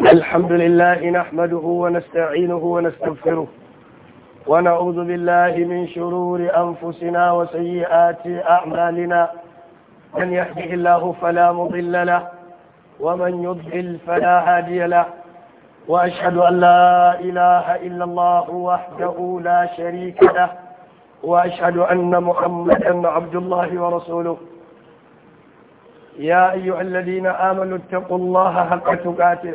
الحمد لله نحمده ونستعينه ونستغفره ونعوذ بالله من شرور أنفسنا وسيئات أعمالنا من يحبه الله فلا مضل له ومن يضلل فلا هادي له وأشهد أن لا إله إلا الله وحده لا شريك له وأشهد أن محمدا عبد الله ورسوله يا أيها الذين آمنوا اتقوا الله حق تقاته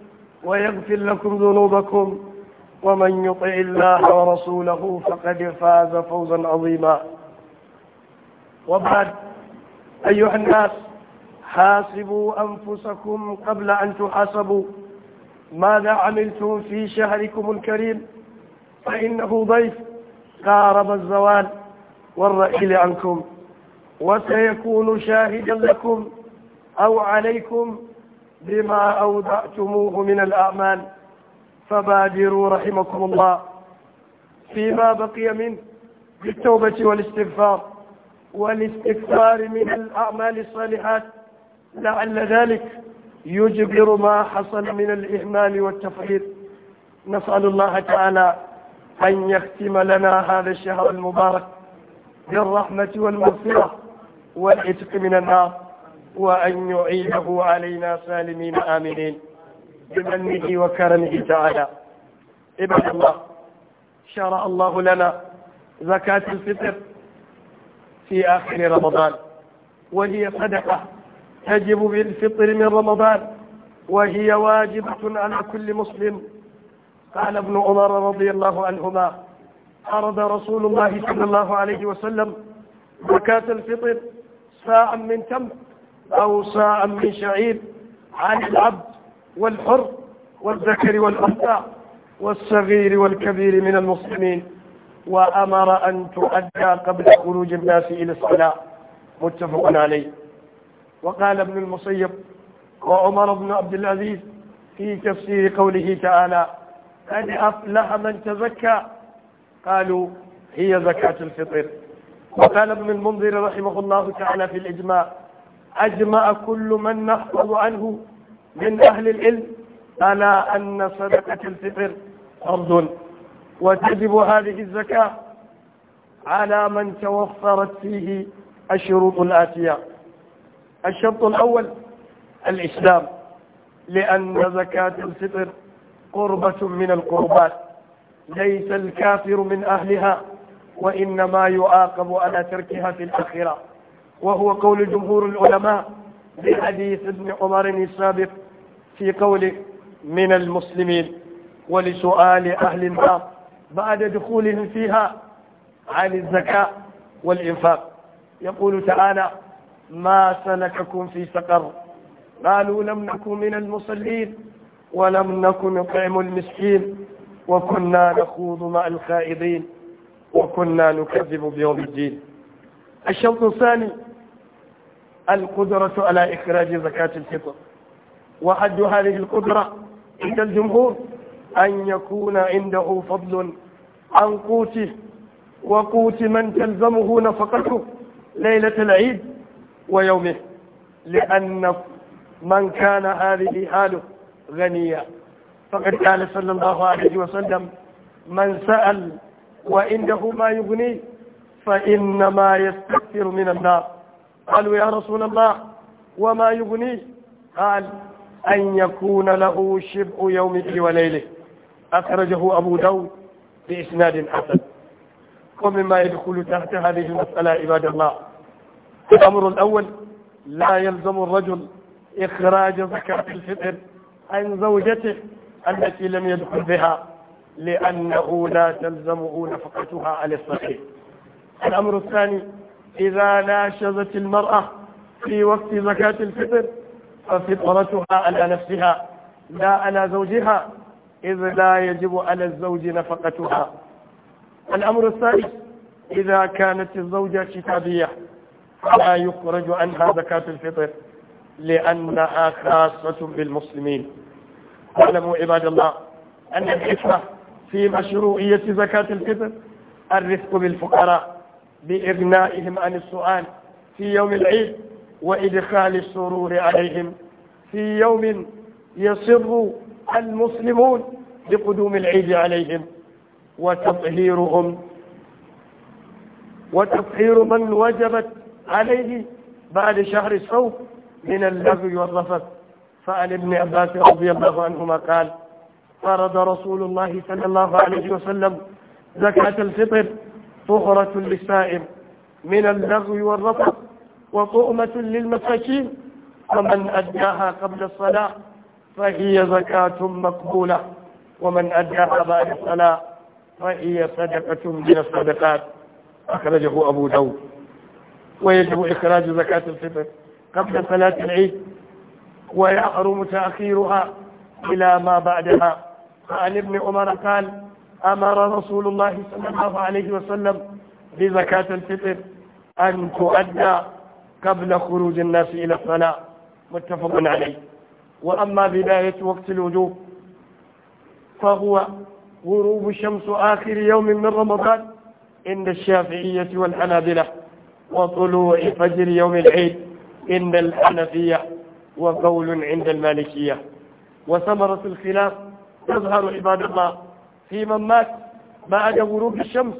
ويغفر لكم ذنوبكم ومن يطع الله ورسوله فقد فاز فوزا عظيما وبعد أيها الناس حاسبوا أنفسكم قبل أن تحاسبوا ماذا عملتم في شهركم الكريم فإنه ضيف قارب الزوال والرحيل عنكم وسيكون شاهدا لكم أو عليكم بما أودعتموه من الأعمال فبادروا رحمكم الله فيما بقي منه بالتوبة والاستغفار والاستكثار من الأعمال الصالحات لعل ذلك يجبر ما حصل من الإهمال والتفريط نسأل الله تعالى أن يختم لنا هذا الشهر المبارك بالرحمة والمغفرة والعتق من النار وأن يعيده علينا سالمين آمنين بمنه وكرمه تعالى عباد الله شرع الله لنا زكاة الفطر في آخر رمضان وهي صدقة تجب بالفطر من رمضان وهي واجبة على كل مسلم قال ابن عمر رضي الله عنهما عرض رسول الله صلى الله عليه وسلم زكاة الفطر ساعا من تمر أو صاعا من شعير عن العبد والحر والذكر والأنثى والصغير والكبير من المسلمين وأمر أن تؤدى قبل خروج الناس إلى الصلاة متفق عليه وقال ابن المصيب وعمر بن عبد العزيز في تفسير قوله تعالى قد أفلح من تزكى قالوا هي زكاة الفطر وقال ابن المنذر رحمه الله تعالى في الإجماع أجمع كل من نحفظ عنه من أهل العلم على أن صدقة الفطر فرض وتجب هذه الزكاة على من توفرت فيه الشروط الآتية الشرط الأول الإسلام لأن زكاة الفطر قربة من القربات ليس الكافر من أهلها وإنما يعاقب على تركها في الآخرة وهو قول جمهور العلماء بحديث ابن عمر السابق في قوله من المسلمين ولسؤال أهل النار بعد دخولهم فيها عن الزكاة والإنفاق يقول تعالى ما سلككم في سقر قالوا لم نكن من المصلين ولم نكن نطعم المسكين وكنا نخوض مع الخائضين وكنا نكذب بيوم الدين الشرط الثاني القدرة على إخراج زكاة الفطر وحد هذه القدرة عند الجمهور أن يكون عنده فضل عن قوته وقوت من تلزمه نفقته ليلة العيد ويومه لأن من كان هذه حاله غنيا فقد قال صلى الله عليه وسلم من سأل وعنده ما يغنيه فإنما يستكثر من النار قالوا يا رسول الله وما يغنيه قال أن يكون له شبع يومه وليله أخرجه أبو داود بإسناد حسن ومما يدخل تحت هذه المسألة عباد الله الأمر الأول لا يلزم الرجل إخراج زكاة الفطر عن زوجته التي لم يدخل بها لأنه لا تلزمه نفقتها على الصحيح الأمر الثاني إذا ناشزت المرأة في وقت زكاة الفطر ففطرتها على نفسها لا على زوجها إذ لا يجب على الزوج نفقتها الأمر الثالث إذا كانت الزوجة كتابية فلا يخرج عنها زكاة الفطر لأنها خاصة بالمسلمين اعلموا عباد الله أن الحكمة في مشروعية زكاة الفطر الرفق بالفقراء بإغنائهم عن السؤال في يوم العيد وإدخال السرور عليهم في يوم يصر المسلمون بقدوم العيد عليهم وتطهيرهم وتطهير من وجبت عليه بعد شهر الصوم من اللغو والرفث فعن ابن عباس رضي الله عنهما قال فرض رسول الله صلى الله عليه وسلم زكاة الفطر طهرة للسائم من اللغو والرفض وطؤمة للمساكين فمن أداها قبل الصلاة فهي زكاة مقبولة ومن أداها بعد الصلاة فهي صدقة من الصدقات أخرجه أبو داود ويجب إخراج زكاة الفطر قبل صلاة العيد ويحرم تأخيرها إلى ما بعدها فعن ابن عمر قال أمر رسول الله صلى الله عليه وسلم بزكاة الفطر أن تؤدى قبل خروج الناس إلى الصلاة متفق عليه وأما بداية وقت الوجوب فهو غروب الشمس آخر يوم من رمضان عند الشافعية والحنابلة وطلوع فجر يوم العيد عند الحنفية وقول عند المالكية وثمرة الخلاف تظهر عباد الله في من مات بعد غروب الشمس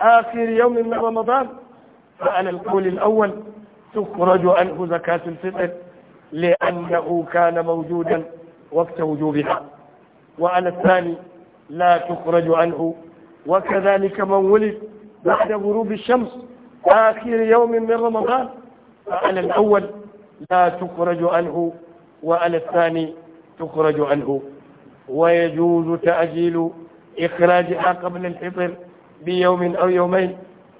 آخر يوم من رمضان فعلى القول الأول تخرج عنه زكاة الفطر لأنه كان موجودا وقت وجوبها وعلى الثاني لا تخرج عنه وكذلك من ولد بعد غروب الشمس آخر يوم من رمضان فعلى الأول لا تخرج عنه وعلى الثاني تخرج عنه ويجوز تأجيل إخراجها قبل الفطر بيوم أو يومين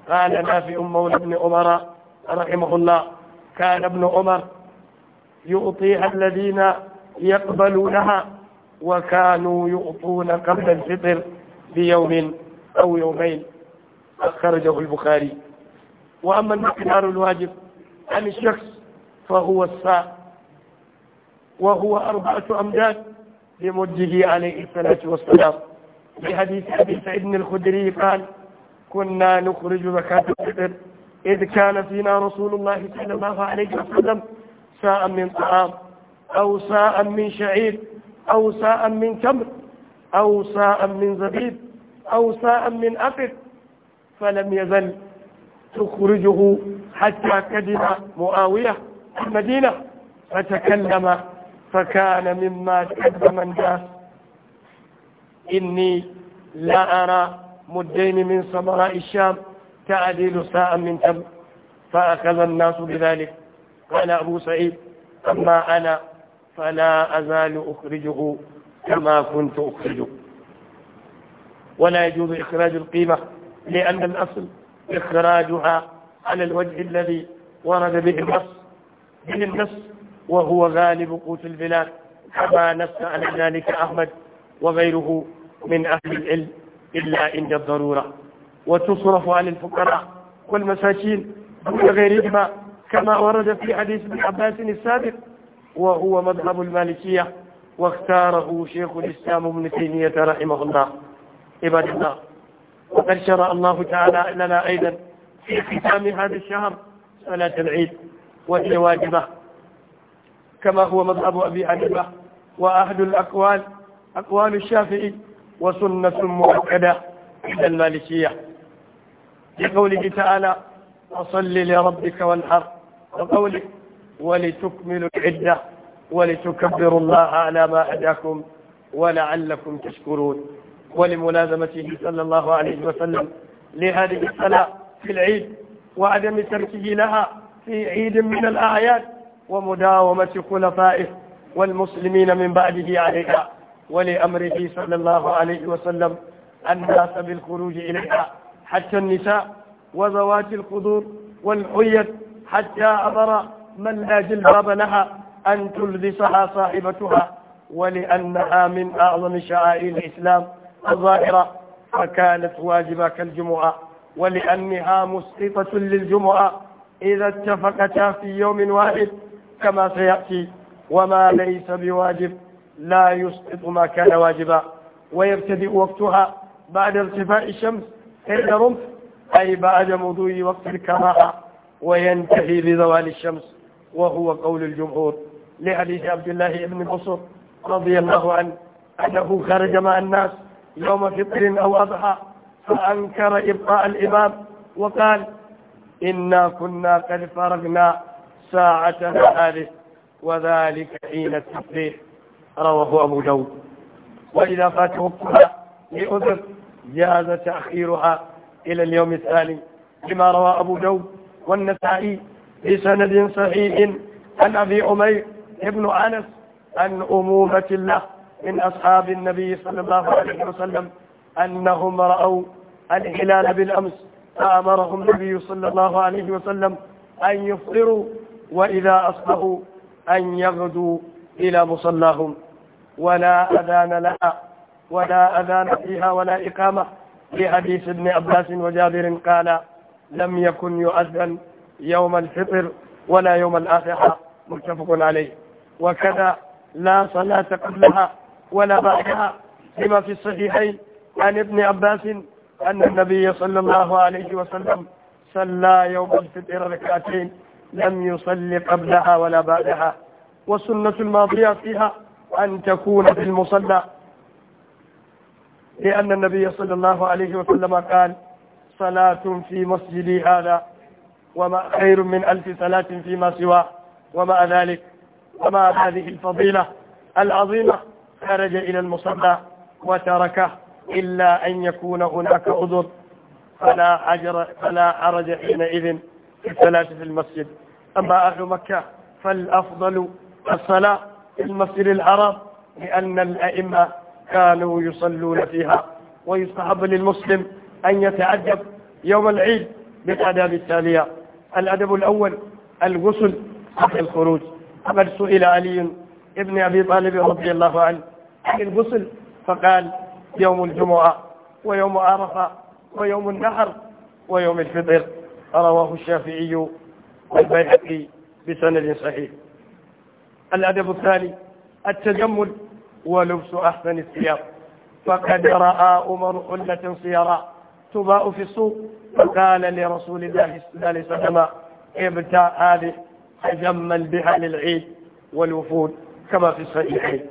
قال نافي مولى بن عمر رحمه الله كان ابن عمر يعطيها الذين يقبلونها وكانوا يعطون قبل الفطر بيوم أو يومين أخرجه البخاري وأما المقدار الواجب عن الشخص فهو الساء وهو أربعة أمداد لمده عليه الصلاة والسلام بحديث أبي سعيد الخدري قال كنا نخرج زكاة الفطر إذ كان فينا رسول الله صلى الله عليه وسلم ساء من طعام أو ساء من شعير أو ساء من تمر أو ساء من زبيب أو ساء من أقر فلم يزل تخرجه حتى كذب معاوية المدينة فتكلم فكان مما كذب الناس إني لا أرى مدين من سمراء الشام تعديل ساء من تم فأخذ الناس بذلك قال أبو سعيد أما أنا فلا أزال أخرجه كما كنت أخرجه ولا يجوز إخراج القيمة لأن الأصل إخراجها على الوجه الذي ورد به النص به النص وهو غالب قوت البلاد كما نص على ذلك أحمد وغيره من أهل العلم إلا عند الضرورة وتصرف عن الفقراء والمساكين دون غيرهما كما ورد في حديث ابن عباس السابق وهو مذهب المالكية واختاره شيخ الإسلام ابن تيمية رحمه الله عباد الله وقد شرع الله تعالى لنا أيضا في ختام هذا الشهر صلاة العيد وهي واجبة كما هو مذهب أبي حنيفة وأهل الأقوال أقوال الشافعي وسنة مؤكدة عند المالكية لقوله تعالى وصل لربك وانحر وقوله ولتكملوا العدة ولتكبروا الله على ما هداكم ولعلكم تشكرون ولملازمته صلى الله عليه وسلم لهذه الصلاة في العيد وعدم تركه لها في عيد من الأعياد ومداومة خلفائه والمسلمين من بعده عليها ولأمره صلى الله عليه وسلم الناس بالخروج إليها حتى النساء وذوات القدور والحية حتى أمر من لا جلباب لها أن تلبسها صاحبتها ولأنها من أعظم شعائر الإسلام الظاهرة فكانت واجبة كالجمعة ولأنها مسقطة للجمعة إذا اتفقتا في يوم واحد كما سيأتي وما ليس بواجب لا يسقط ما كان واجبا ويبتدئ وقتها بعد ارتفاع الشمس عند رمح أي بعد موضوع وقت الكراهة وينتهي بزوال الشمس وهو قول الجمهور لحديث عبد الله بن بصر رضي الله عنه أنه خرج مع الناس يوم فطر أو أضحى فأنكر إبقاء الإمام وقال إنا كنا قد فرغنا ساعتنا هذه وذلك حين التفريح رواه أبو داود وإذا فاته الصلاة لأذر جاز تأخيرها إلى اليوم التالي لما روى أبو داود والنسائي بسند صحيح عن أبي عمير ابن أنس عن أمومة الله من أصحاب النبي صلى الله عليه وسلم أنهم رأوا الهلال بالأمس فأمرهم النبي صلى الله عليه وسلم أن يفطروا وإذا أصبحوا أن يغدوا إلى مصلاهم ولا أذان لها ولا أذان فيها ولا إقامة في حديث ابن عباس وجابر قال لم يكن يؤذن يوم الفطر ولا يوم الآخرة متفق عليه وكذا لا صلاة قبلها ولا بعدها لما في الصحيحين عن ابن عباس أن النبي صلى الله عليه وسلم صلى يوم الفطر ركعتين لم يصلي قبلها ولا بعدها والسنة الماضية فيها أن تكون في المصلى لأن النبي صلى الله عليه وسلم قال صلاة في مسجدي هذا وما خير من ألف صلاة فيما سواه ومع ذلك ومع هذه الفضيلة العظيمة خرج إلى المصلى وتركه إلا أن يكون هناك عذر فلا عجر فلا حرج حينئذ في الصلاة في المسجد أما أهل مكة فالأفضل الصلاة في المسجد الحرام لأن الأئمة كانوا يصلون فيها ويستحب للمسلم أن يتعجب يوم العيد بالأداب التالية الأدب الأول الغسل قبل الخروج فقد سئل علي ابن أبي طالب رضي الله عنه عن الغسل فقال يوم الجمعة ويوم عرفة ويوم النحر ويوم الفطر رواه الشافعي والبيهقي بسند صحيح الأدب الثاني التجمل ولبس أحسن الثياب فقد رأى عمر حلة صيراء تباء في السوق فقال لرسول الله صلى الله عليه وسلم ابتاع هذه تجمل بها للعيد والوفود كما في الصحيحين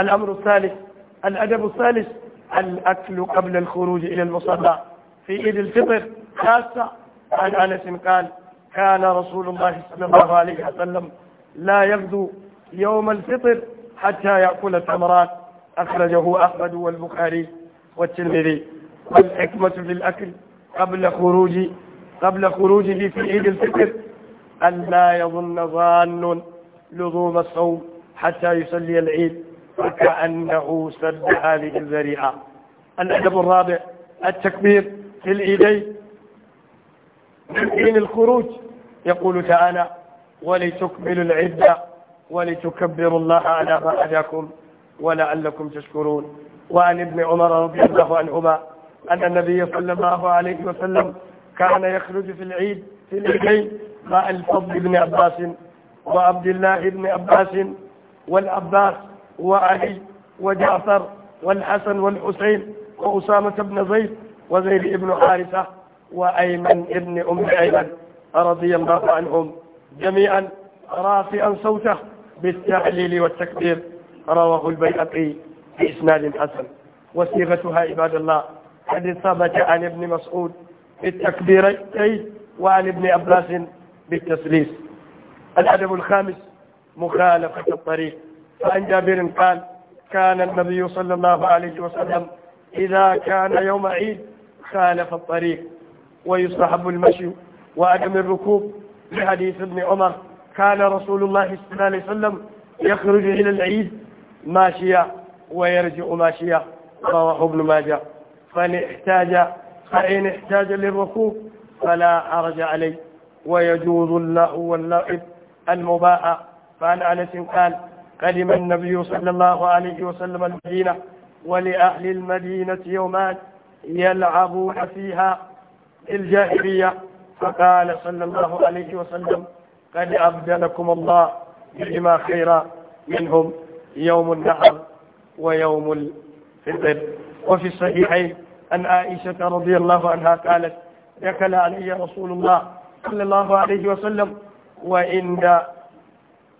الأمر الثالث الأدب الثالث الأكل قبل الخروج إلى المصلى في عيد الفطر خاصة عن أنس قال كان رسول الله صلى الله عليه وسلم لا يغدو يوم الفطر حتى يأكل الثمرات أخرجه أحمد والبخاري والترمذي والحكمة في الأكل قبل خروج قبل خروجه في عيد الفطر أن لا يظن ظان لزوم الصوم حتى يصلي العيد وكأنه سد هذه الذريعة الأدب الرابع التكبير في الإيدين من حين الخروج يقول تعالى ولتكملوا العدة ولتكبروا الله على ما هداكم ولعلكم تشكرون وعن ابن عمر رضي الله عنهما أن النبي صلى الله عليه وسلم كان يخرج في العيد في العيدين مع الفضل بن عباس وعبد الله بن عباس والعباس وعلي وجعفر والحسن والحسين وأسامة بن زيد وزيد بن حارثة وأيمن بن أم أيمن رضي الله عنهم جميعا رافعا صوته بالتعليل والتكبير رواه البيهقي بإسناد حسن وصيغتها عباد الله قد ثبت عن ابن مسعود بالتكبيرين وعن ابن عباس بالتسليس الأدب الخامس مخالفة الطريق فعن جابر قال كان النبي صلى الله عليه وسلم إذا كان يوم عيد خالف الطريق ويصحب المشي وعدم الركوب لحديث ابن عمر كان رسول الله صلى الله عليه وسلم يخرج إلى العيد ماشيا ويرجع ماشيا رواه ابن ماجه فإن احتاج فإن احتاج للركوب فلا حرج عليه ويجوز اللهو واللعب المباح فعن أنس قال قدم النبي صلى الله عليه وسلم المدينة ولأهل المدينة يومان يلعبون فيها الجاهلية فقال صلى الله عليه وسلم قد أبدلكم الله بما خيرا منهم يوم النحر ويوم الفطر وفي الصحيحين أن عائشة رضي الله عنها قالت دخل علي رسول الله صلى الله عليه وسلم وإن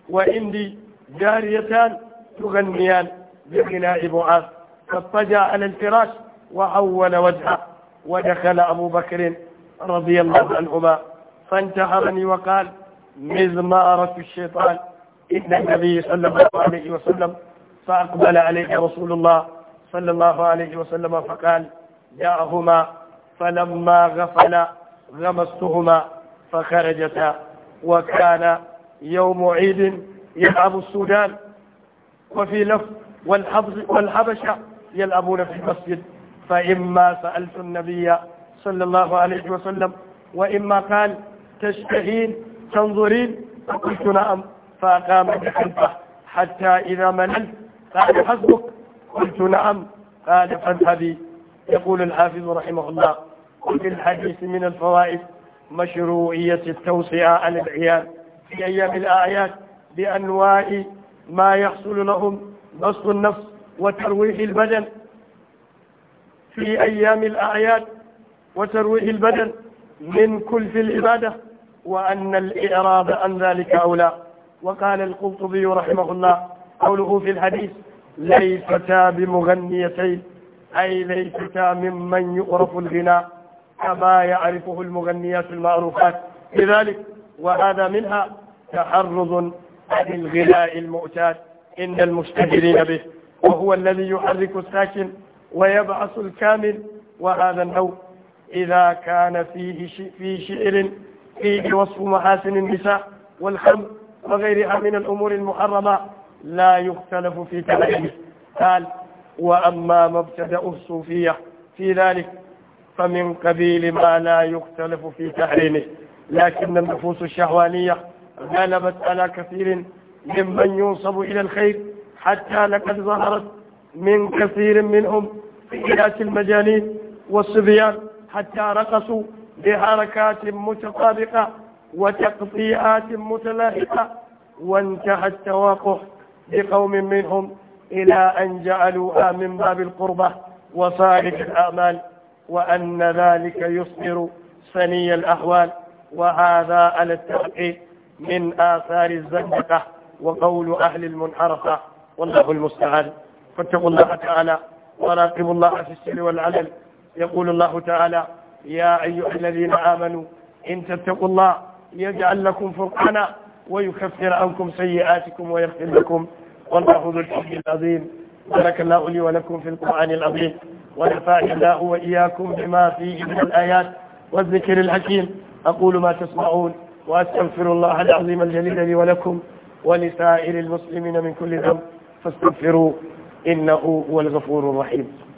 وإندي جاريتان تغنيان بغناء بعاث فاضطجع على الفراش وعول وجهه ودخل أبو بكر رضي الله عنهما فانتحرني وقال مزمارة الشيطان إن النبي صلى الله عليه وسلم فأقبل عليه رسول الله صلى الله عليه وسلم فقال دعهما فلما غفل غمستهما فخرجتا وكان يوم عيد يلعب السودان وفي لف والحبشة يلعبون في المسجد فإما سألت النبي صلى الله عليه وسلم وإما قال تشتهين تنظرين فقلت نعم فأقام بخلفه حتى إذا مللت قال حسبك قلت نعم قال فاذهبي يقول الحافظ رحمه الله وفي الحديث من الفوائد مشروعية التوصية عن العيال في أيام الأعياد بأنواع ما يحصل لهم بسط النفس وترويح البدن في أيام الأعياد وترويح البدن من كلف العبادة وأن الإعراب عن ذلك أولى وقال القرطبي رحمه الله قوله في الحديث ليستا بمغنيتين أي ليستا ممن يعرف الغناء كما يعرفه المغنيات المعروفات لذلك وهذا منها تحرز عن الغناء المؤتاد إن المشتهرين به وهو الذي يحرك الساكن ويبعث الكامل وهذا النوع إذا كان فيه في شعر فيه وصف محاسن النساء والحمد وغيرها من الأمور المحرمة لا يختلف في تعليمه قال وأما مبتدأ الصوفية في ذلك فمن قبيل ما لا يختلف في تحريمه لكن النفوس الشهوانية غلبت على كثير ممن ينصب إلى الخير حتى لقد ظهرت من كثير منهم في المجانين والصبيان حتى رقصوا بحركات متطابقة وتقطيعات متلاحقة وانتهى التواقع بقوم منهم إلى أن جعلوها من باب القربة وصالح الأعمال وأن ذلك يصدر سني الأحوال وهذا على التحقيق من آثار الزندقة وقول أهل المنحرفة والله المستعان فاتقوا الله تعالى وراقبوا الله في السر والعلل يقول الله تعالى يا أيها الذين آمنوا إن تتقوا الله يجعل لكم فرقانا ويكفر عنكم سيئاتكم ويغفر لكم والله ذو الحب العظيم بارك الله لي ولكم في القرآن العظيم ونفعني الله وإياكم بما فيه من الآيات والذكر الحكيم أقول ما تسمعون وأستغفر الله العظيم الجليل لي ولكم ولسائر المسلمين من كل ذنب فاستغفروه إنه هو الغفور الرحيم